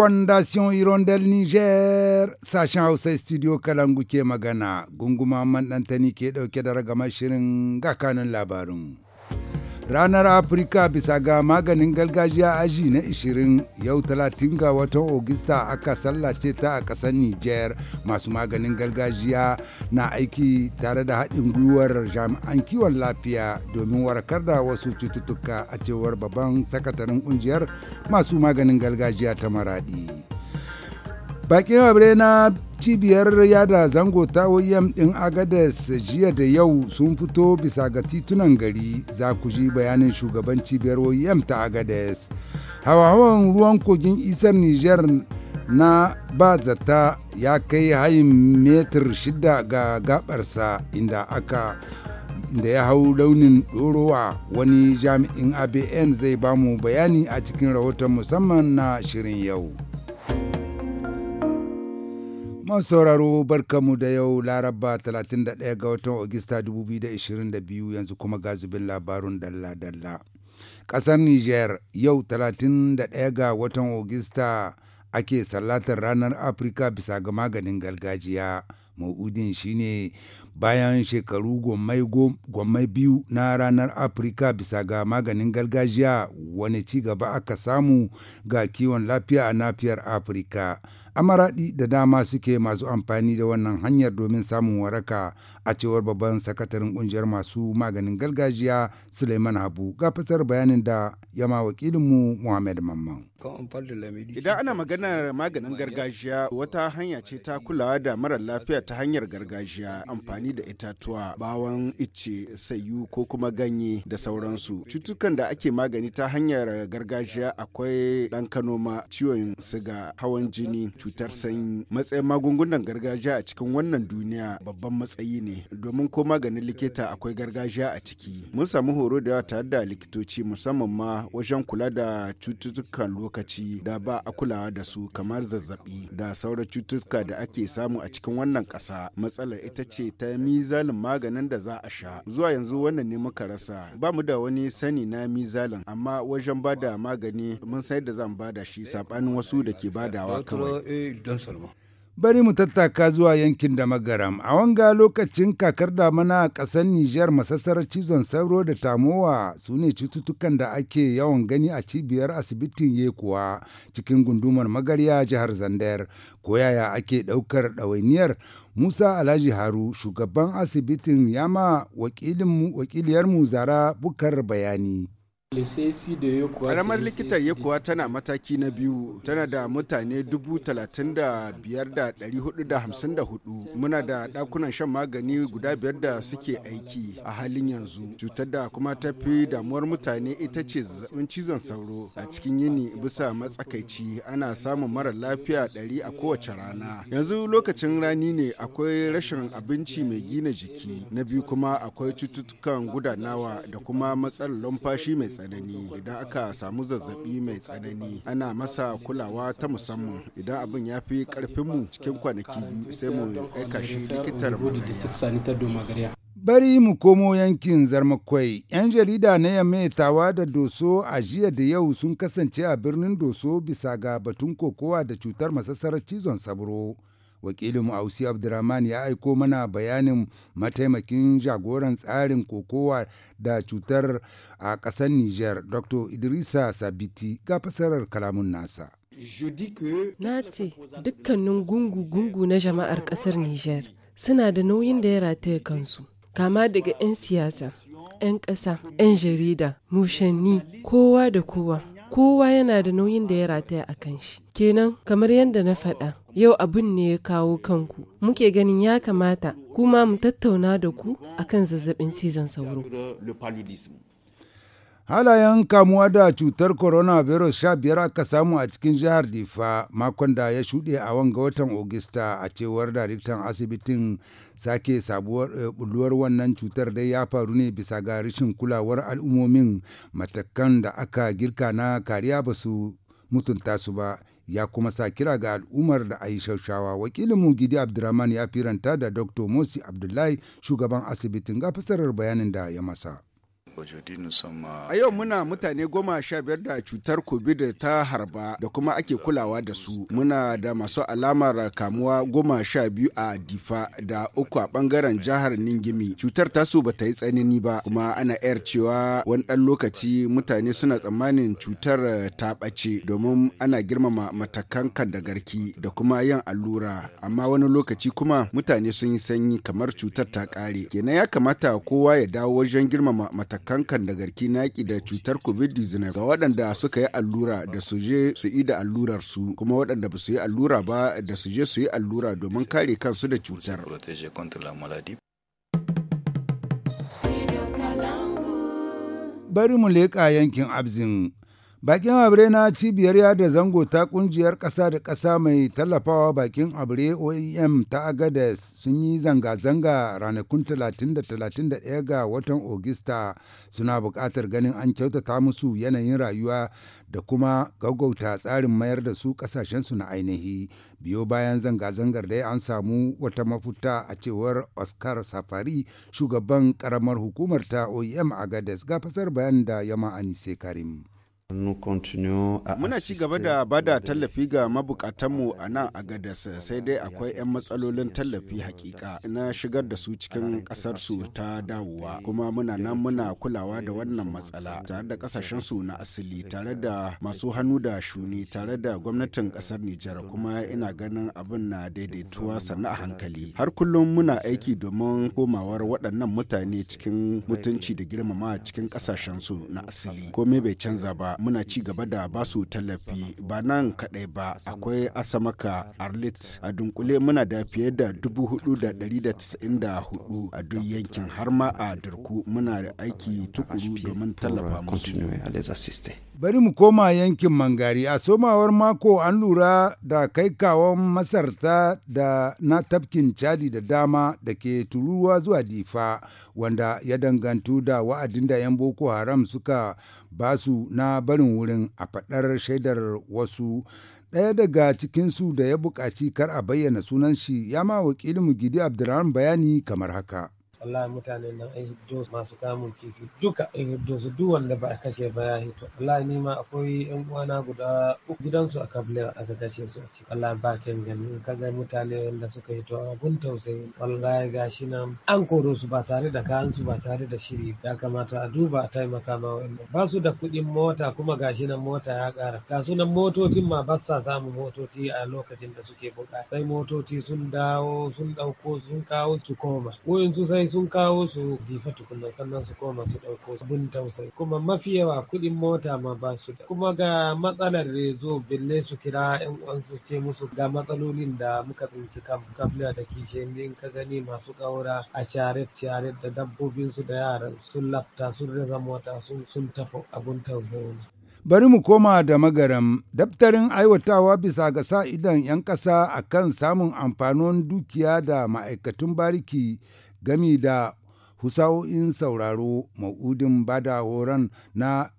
fondation hirondel niger sashen hausa studio kalangu ke magana gunguma man ɗantani ke ɗauke da ragamar shirin ga kanun labarin ranar afirka bisa ga maganin gargajiya aji na 20 yau 30 ga watan ogista aka sallace ta a ƙasar niger masu maganin gargajiya na aiki tare da haɗin gwiwar jami'an kiwon lafiya domin warkar da wasu cututtuka a cewar babban sakataren ƙungiyar masu maganin gargajiya ta maradi. bakin habre na cibiyar yada zango ta oem din agades jiya da yau sun fito bisa ga titunan gari za ku ji bayanin shugaban cibiyar oem ta agades hawa-hawan ruwan kogin isar niger na ba zata ya kai hayin metir shida ga gabarsa inda aka da ya hau launin ɗorowa wani jami'in abn zai bamu bayani a cikin rahoton musamman na shirin yau. Masu sauraro barkamu da yau Laraba 31 ga watan Ogista 2022 yanzu kuma ga zubin labarun dalla-dalla. Ƙasar Niger yau 31 ga watan Ogista ake sallatar ranar Afirka bisa ga maganin gargajiya. Ma'udin shine bayan shekaru gwammai biyu na ranar Afirka bisa ga maganin gargajiya wani ci gaba aka samu ga kiwon lafiya a nafiyar Afirka. amaraɗi da dama suke masu amfani da wannan hanyar domin samun waraka a cewar babban sakataren kungiyar masu maganin gargajiya suleiman habu ga fasar bayanin da ya ma wakilinmu muhammed mamman idan ana maganar maganin gargajiya wata hanya ce ta kulawa da mara lafiya ta hanyar gargajiya amfani da itatuwa bawon ice sayu ko kuma ganye da sauransu cutukan da ake magani ta hanyar gargajiya akwai ɗan kanoma ciwon siga hawan jini cutar sanyi matsayin magungunan gargajiya a cikin wannan duniya babban matsayi ne ne domin ko maganin likita akwai gargajiya a ciki. Mun samu horo da yawa tare da likitoci musamman ma wajen kula da cututtukan lokaci da ba a kulawa da su kamar zazzabi da sauran cututtuka da ake samu a cikin wannan ƙasa. Matsalar ita ce ta mizalin maganin da za a sha. Zuwa yanzu wannan ne muka rasa. Ba mu da wani sani na mizalin amma wajen ba da magani mun sai da zan ba da shi saɓanin wasu da ke badawa kawai. Bari mu tattaka zuwa yankin da magaram, a wanga lokacin kakar damana a ƙasar Nijar masassarar cizon sauro da tamowa su ne cututtukan da ake yawan gani a cibiyar asibitin Yekuwa cikin gundumar magarya jihar Zandar. Ko yaya ake ɗaukar ɗawainiyar Musa Alhaji Haru shugaban asibitin yama wakiliyarmu Zara Bukar bayani. Karamar ya Yekuwa tana mataki na biyu tana da mutane 35,454 muna da ɗakunan shan magani guda biyar da suke aiki a halin yanzu cutar da kuma tafi damuwar mutane ita ce zazzabin cizon sauro a cikin yini bisa matsakaici ana samun mara lafiya 100 a kowace rana yanzu lokacin rani ne akwai rashin abinci mai gina jiki na biyu kuma akwai cututtukan gudanawa da kuma matsalar lumfashi mai tsanani idan aka samu zazzabi mai tsanani ana masa kulawa ta musamman idan abin ya fi karfinmu cikin kwanaki sai mu aika shi likitar Bari mu komo yankin zarmakwai, 'yan jarida na yamme tawa da doso a jiya da yau sun kasance a birnin doso bisa ga batun kokowa da cutar masassarar cizon sabro. wakilin mu ausi abdurrahman ya aiko mana bayanin mataimakin jagoran tsarin kokowa da cutar a ƙasar niger dr idrisa sabiti ga fasarar kalamun nasa na ce dukkanin gungu-gungu na jama'ar ƙasar niger suna da nauyin da ya rataya kansu kama daga 'yan siyasa 'yan ƙasa 'yan jarida mushanni kowa da kowa kowa yana da nauyin da ya rataya a kan shi kenan kamar yadda na faɗa yau abin ne ya kawo kanku muke ganin ya kamata kuma mu tattauna da ku akan zazzabin cizon sauro Halayen kamuwa da cutar corona virus sha biyar aka samu a cikin jihar Difa makon da ya shuɗe a wanga watan Ogista a cewar daraktan asibitin sake sabuwar eh, wannan cutar dai ya faru ne bisa ga rashin kulawar al'ummomin matakan da aka girka na kariya ba su mutunta su ba ya kuma sa kira ga al'ummar da a shaushawa wakilin wakilinmu gidi abdurrahman ya firanta da dr mosi abdullahi shugaban asibitin ga fasarar bayanin da ya masa. A yau muna mutane goma sha biyar da cutar COVID ta harba da kuma ake kulawa da su. Muna da masu alamar kamuwa goma sha biyu a Difa da uku a bangaren jihar Ningimi. Cutar tasu ba ta yi tsanani ba kuma ana yar cewa wani ɗan lokaci mutane suna tsammanin cutar ta ɓace domin ana girmama matakan kan da garki da kuma yin allura. Amma wani lokaci kuma mutane sun yi sanyi kamar cutar ta ƙare. Kenan ya kamata kowa ya dawo wajen girmama matakan kankan da garki naki da cutar covid-19 ga waɗanda suka yi allura da su je su yi da allurar su kuma waɗanda ba su yi allura ba da su je su yi allura domin kare kansu da cutar. Bari mu leƙa yankin Abzin Bakin abire na cibiyar yada zango ta kungiyar ƙasa da ƙasa mai tallafawa bakin abire OEM ta agada sun yi zanga-zanga ranakun 30 da 31 ga watan Ogista suna buƙatar ganin an kyautata musu yanayin rayuwa da kuma gaggauta tsarin mayar da su ƙasashensu na ainihi. Biyo bayan zanga-zangar da an samu wata mafuta a cewar Oscar Safari shugaban ƙaramar hukumar ta OEM gadas ga fasar bayan da Yama Anise Karim. Muna ci gaba da bada tallafi ga mabukatanmu a nan a Gadas sai dai akwai 'yan matsalolin tallafi hakika na shigar da su cikin ƙasarsu ta dawowa kuma muna nan muna kulawa da wannan matsala tare da ƙasashensu na asili tare da masu hannu da shuni tare da gwamnatin ƙasar Nijar kuma ina ganin abin na daidaituwa sannan a hankali. Har kullum muna aiki domin komawar waɗannan mutane cikin mutunci da girmama cikin ƙasashensu na asili komai bai canza ba muna ci gaba da basu tallafi ba nan kaɗai ba akwai asamaka arlit a dunkule muna da fiye da hudu a duk yankin har ma a durku muna da aiki tukuru domin tallafa musu. Bari mu koma yankin Mangari a somawar mako an lura da kaikawan masarta da na tafkin cadi da dama da ke tururuwa zuwa difa wanda ya dangantu da wa'adin da 'yan Boko Haram suka basu na barin wurin a faɗar shaidar wasu ɗaya daga cikinsu da ya buƙaci kar a bayyana sunan shi ya ma wakilin mu gidi abdulrahman bayani kamar haka. wallahi mutanen nan an hiddo masu kamun kifi duka an hiddo su duk wanda ba a kashe ba ya hito wallahi ni ma akwai yan uwana guda uku gidansu a kabila aka kashe su a ciki wallahi ba kyan gani ka ga mutane wanda suka hito a gun tausayi wallahi gashi nan an koro su ba tare da kayan su ba tare da shiri ya kamata a duba a taimaka ma wa'annan ba su da kuɗin mota kuma gashi nan mota ya ƙara ga motocin ma ba sa samun motoci a lokacin da suke buƙata sai motoci sun dawo sun ɗauko sun kawo su koma wayansu sai sun kawo su difa tukunan sannan su koma su ɗauko su bin tausayi kuma mafi yawa kuɗin mota ma ba su da kuma ga matsalar rezo bille su kira yan uwansu ce musu ga matsalolin da muka tsinci kan kafin da kishiyoyi in ka gani masu ƙaura a sharet sharet da dabbobin su da yaran sun lafta sun rasa mota sun tafa abun tausayi bari mu koma da magaram daftarin aiwatawa bisa ga sa idan 'yan ƙasa a kan samun amfanin dukiya da ma'aikatun bariki gami da husa'o'in sauraro ma'udin bada horon na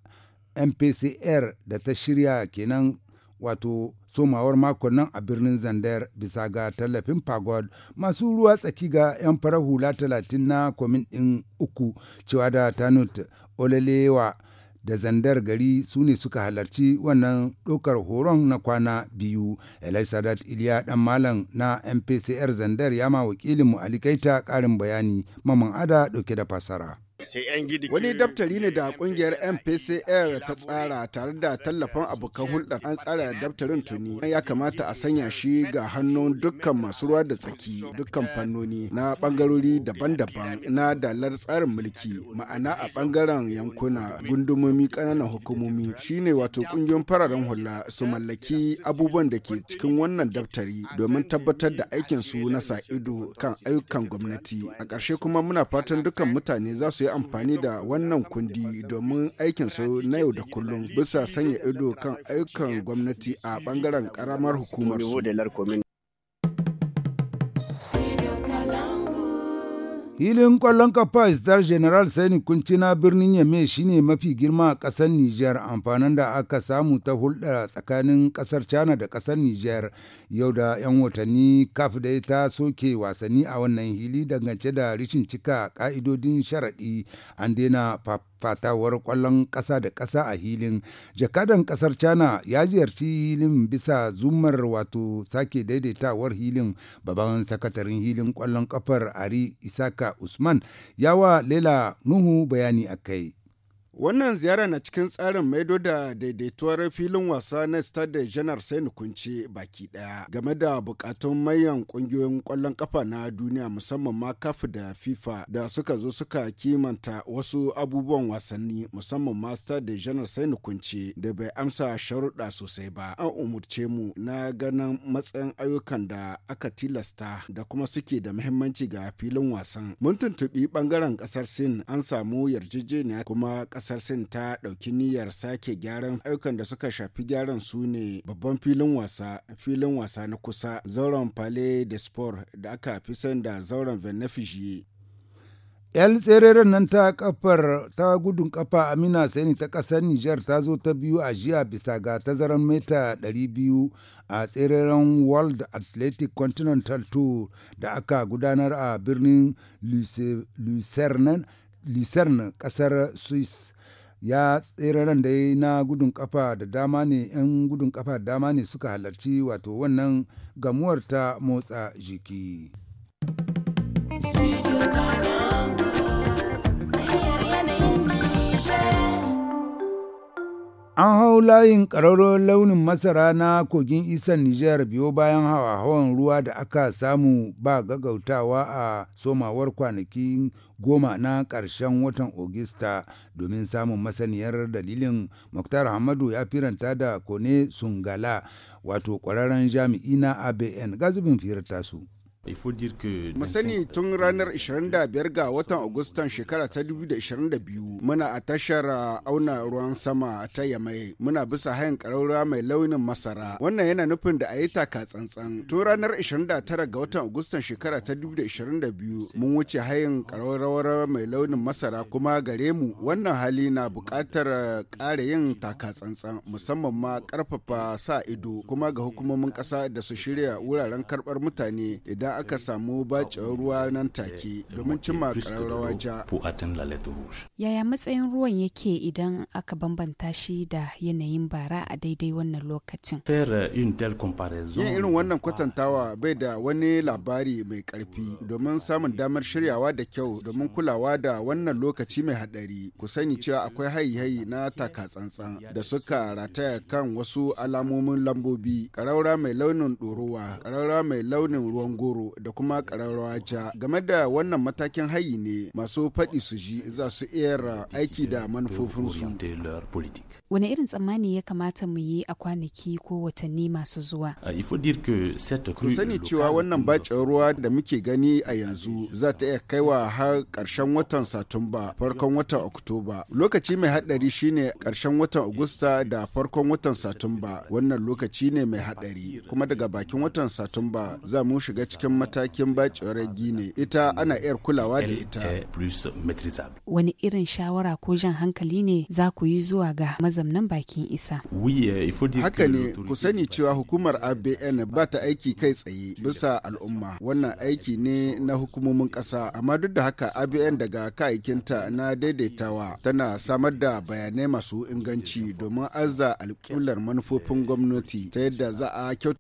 mpcr da ta shirya kenan wato somawar makon nan a birnin zandar bisa ga tallafin pagod masu ruwa tsaki ga 'yan farar hula 30 na kwamitin ɗin uku cewa da tanut olelewa da zandar gari su ne suka halarci wannan ɗaukar horon na kwana biyu elisabeth iliya dan malam na mpcr zandar ya ma wakilinmu alikaita ƙarin bayani maman ada ɗauke da fasara Wani daftari ne da kungiyar MPCR ta tsara tare da tallafin abokan hulɗar an tsara daftarin tuni ya kamata a sanya shi ga hannun dukkan masu ruwa da tsaki dukkan fannoni na bangarori daban-daban na dalar tsarin mulki ma'ana a bangaren yankuna gundumomi kananan hukumomi shine wato kungiyoyin fararen hula su mallaki abubuwan da ke cikin wannan daftari domin tabbatar da aikin su na sa ido kan ayyukan gwamnati a ƙarshe kuma muna fatan dukkan mutane za su yi amfani da wannan kundi domin aikin su na yau da kullum bisa sanya ido kan ayyukan gwamnati a bangaren karamar hukumar su. filin kwallon kafa Star General Sani Kunci na birnin Yame shine mafi girma a ƙasar Nijar amfanin da aka samu ta hulɗa tsakanin ƙasar China da ƙasar Nijar yau da 'yan watanni kaf da ta soke wasanni a wannan hili dangance da rishin cika ka'idodin sharaɗi an daina fatawar kwallon ƙasa da ƙasa a hilin jakadan ƙasar china ya ziyarci hilin bisa zumar wato sake daidaitawar hilin babban sakatarin hilin kwallon ƙafar ari isaka usman yawa lela nuhu bayani a kai Wannan ziyara na cikin tsarin maido da daidaituwar filin wasa na Stade Janar sai Kunce baki daya game da bukatun mayan kungiyoyin kwallon kafa na duniya musamman ma kafu da FIFA da suka zo suka kimanta wasu abubuwan wasanni musamman ma Stade Janar sai Kunce da bai amsa sharuɗa sosai ba. An umurce mu na ganin matsayin ayyukan da aka tilasta da kuma suke da muhimmanci ga filin wasan. Mun tuntuɓi bangaren ƙasar Sin an samu yarjejeniya kuma kasar sin ta ɗauki niyyar sake gyaran ayyukan da suka shafi gyaran su ne babban filin wasa filin wasa na kusa zauren palais de sport da aka fi san da zauren venefijiye 'yan tsereren nan ta kafar ta gudun kafa amina sani ta kasar niger ta zo ta biyu a jiya bisa ga tazaran mita 200 a tsereren world athletic continental tour da aka gudanar a birnin lucerne kasar swiss ya tsere ran da na gudun kafa da dama ne 'yan gudun kafa da dama ne suka halarci wato wannan gamuwar ta motsa jiki. An hau layin ƙararrawar launin masara na kogin isan Nijar biyo bayan hawa-hawan ruwa da aka samu ba gagautawa a somawar kwanakin goma na ƙarshen watan Ogista domin samun masaniyar dalilin Muktar Hamadu ya firanta da Kone Sungala wato ƙwararren jami'i na ABN gazubin firar tasu. Mu sani tun ranar 25 ga watan Agustan shekara ta 2022 muna a tashar auna ruwan sama ta Yamai muna bisa hayan ƙararrawa mai launin masara. Wannan yana nufin da a yi taka tsantsan. Tun ranar 29 ga watan Agustan shekara ta 2022 mun wuce hayan ƙararrawar mai launin masara kuma gare mu wannan hali na buƙatar kare yin taka tsantsan musamman ma karfafa sa ido kuma ga hukumomin ƙasa da su shirya wuraren karɓar mutane idan idan aka samu bacin ruwa nan take domin cimma rawa ja. Yaya matsayin ruwan yake idan aka bambanta shi da yanayin bara a daidai wannan lokacin? Yin irin wannan kwatantawa bai da wani labari mai ƙarfi domin samun damar shiryawa da kyau domin kulawa da wannan lokaci mai haɗari. Ku sani cewa akwai hayi-hayi na taka tsantsan da suka rataya kan wasu alamomin lambobi, ƙaraura mai launin ɗorowa, ƙaraura mai launin ruwan goro. horo da kuma ƙararrawa ja game da wannan matakin hayi ne masu faɗi su ji za su iya aiki da manufofinsu. wani irin tsammani ya kamata mu yi a kwanaki ko watanni masu zuwa uh, ku sani cewa wannan bacin ruwa da muke gani a yanzu za ta iya kaiwa har ƙarshen watan satumba farkon watan oktoba lokaci mai haɗari shine ƙarshen watan agusta da farkon watan satumba wannan lokaci ne mai haɗari kuma daga bakin watan satumba za mu shiga cikin matakin bacin gine ita ana iya kulawa da ita wani irin shawara ko jan hankali ne za ku yi zuwa ga maza nan bakin isa. Uh, haka ne ku sani cewa hukumar ABN ba ta aiki kai tsaye bisa al'umma wannan aiki ne na hukumomin ƙasa amma duk da haka ABN daga kayakinta na daidaitawa tana samar da bayanai masu inganci domin azza alƙular manufofin gwamnati ta yadda za a kyauta.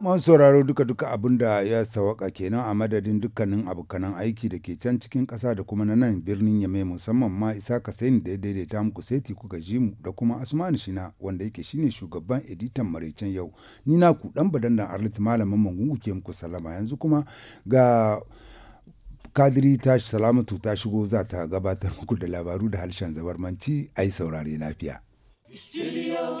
Mun sauraro duka-duka abin da ya sawaka kenan a madadin dukkanin abokanan aiki da ke can cikin ƙasa da kuma na nan birnin yamai musamman ma isa kasaini da ya daidaita muku seti kuka ji mu da kuma asmanu shina wanda yake shine shugaban editan maraicen yau ni na ku dan badan da arlit malamin mangungu ke muku salama yanzu kuma ga kadiri ta salamatu ta shigo za ta gabatar muku da labaru da harshen zabarmanci ai saurare lafiya. Studio